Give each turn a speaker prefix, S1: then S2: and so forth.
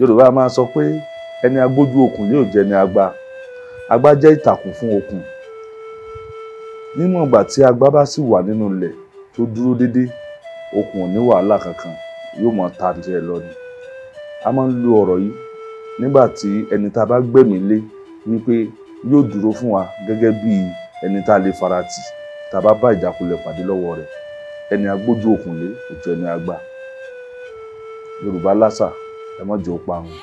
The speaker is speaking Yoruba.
S1: yorùbá máa sọ pé ẹni agbójú okùn yóò jẹ ni agba agba jẹ́ ìtàkùn fún okùn nímọ̀ ìgbà tí agba bá sì wà nínú ilẹ̀ tó dúró déédéé okùn ò ní wàhálà kankan yóò mọ ta lọ ni a máa ń lo ọ̀rọ̀ yìí nígbà tí ẹni tá a bá gbẹ̀mí lé wípé yóò dúró fún wa gẹ́gẹ́ bí ẹni tá a lè fara tì tá a bá bá ìjákulẹ̀ pàdé lọ́wọ́ rẹ̀ ẹni agbójú òkun lé òtún ẹni àgbà yorùbá lásà ẹ mọ̀jọ́ parun.